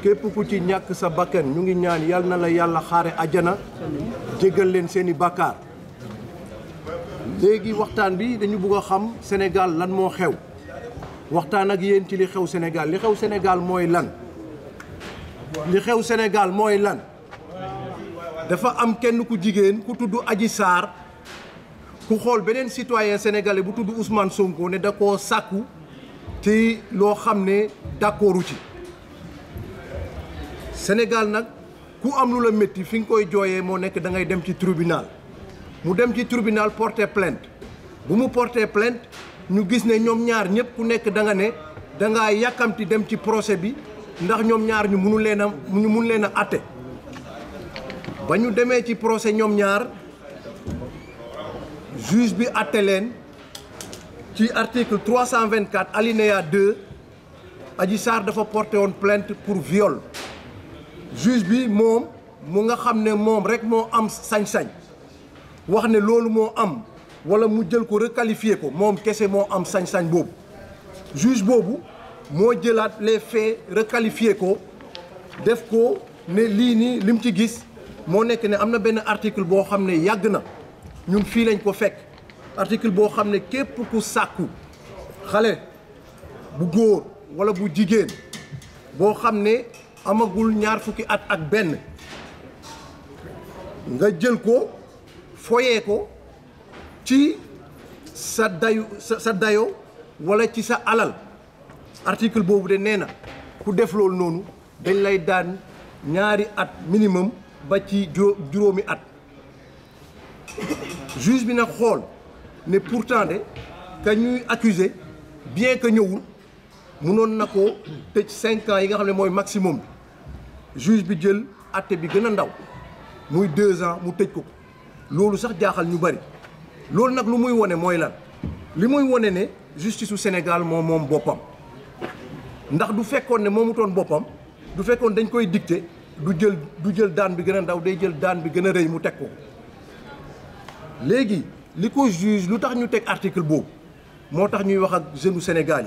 képp ku ci ñak sa bakkan ñu ngi ñaan yalla na la yalla ajana jégal leen seeni bakkar légui waxtaan bi dañu bëgg xam Sénégal lan mo xew waxtaan ak yeen ci li xew Sénégal li xew Sénégal moy lan li xew Sénégal moy lan dafa am kenn ku jigen ku tuddu Adji sar ku xol benen citoyen sénégalais bu tuddu Ousmane Sonko ne da ko sàkku ci lo xamné ne d'accordu ci Sénégal nak, ku am lu la métti fi koy jooyee moo da ngay dem ci tribunal mu dem ci tribunal porter plainte bu mu porter plainte ñu gis ne ñom ñaar ñëpp ku nek da nga ne da nga yakamti dem ci procès bi ndax ñom ñaar ñu mënu leena ñu mënu leena a ba ñu ci procès ñom ñaar juge bi atte leen ci article 324 alinéa 2 Adji Sarr dafa porter une plainte pour viol juge bi mom mo nga xamné mom rek am sañ ne am wala mu jël ko requalifier ko mom kessé mo am sañ-sañ bob juge bobu mo jëlat les faits requalifier ko def ne li lim ci gis ne article bo ne na lañ article bo képp ku xalé bu wala bu amagul ñaar fukki at ak benn nga jël ko foyee ko ci sa dayu sa sa dayo walla ci sa alal article boobu de nee na ku def loolu noonu dañ lay daan ñaari at minimum ba ci juróomi at juge bi nag xool ne pourtant de ka ñuy accuser bien que ñëwul mënon na ans yi nga maximum Le juge bi jël deux bi gëna a ndaw ans mu ko loolu sax jaaxal ñu bari nak lu muy lan justice su Sénégal mom mom Nous ndax du fekkone ne du Nous dañ koy dicté du jël du jël daan bi gëna a ndaw day daan bi a mu juge article bob ñuy wax ak Sénégal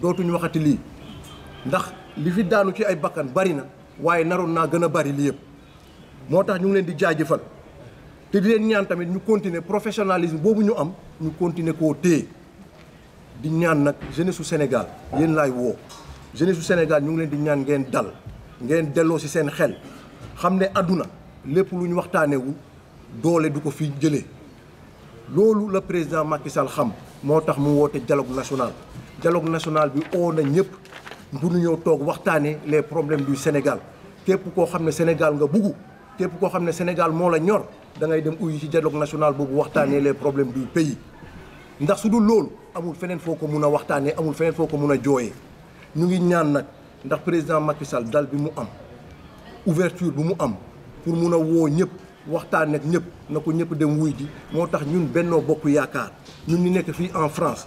dootuñu waxati lii ndax li fi daanu ci ay bakkan bari na waaye naroon naa gën a bari lii yëpp moo tax ñu ngi leen di jëfal te di leen ñaan tamit ñu continuer professionnalisme boobu ñu am ñu continuer koo téye di ñaan nag jeunesse su Sénégal yéen laay woo jeunesse su Sénégal ñu ngi leen di ñaan ngeen dal ngeen delloo ci seen xel xam ne àdduna lépp lu ñu waxtaanewul doole du ko fi jëlee loolu la président Macky Sall xam moo tax mu woote dialogue national dialogue national bi oo na ñëpp pour ñëw les problèmes du Sénégal képp koo xam Sénégal nga bugu. Sénégal moo la ñor da ngay dialogue national pour waxtaanee les problèmes du pays. ndax su dul amul feneen foo ko mun a amul feneen foo ko a ñu ngi ñaan président Macky Sall dal bi ouverture pour mun a woo ñëpp. ak ñëpp na dem wuy Benno Yaakaar en France